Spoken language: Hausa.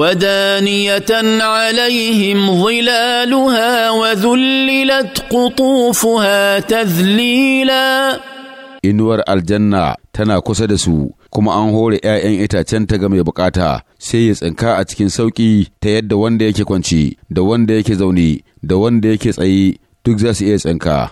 ودانيه عليهم ظلالها وذللت قطوفها تذليلا inuwar aljanna tana kusa da su kuma an hore 'ya'yan itacen ta ga mai bukata sai ya tsinka a cikin sauƙi ta yadda wanda yake kwanci da wanda yake zaune da wanda yake tsaye duk za su iya tsinka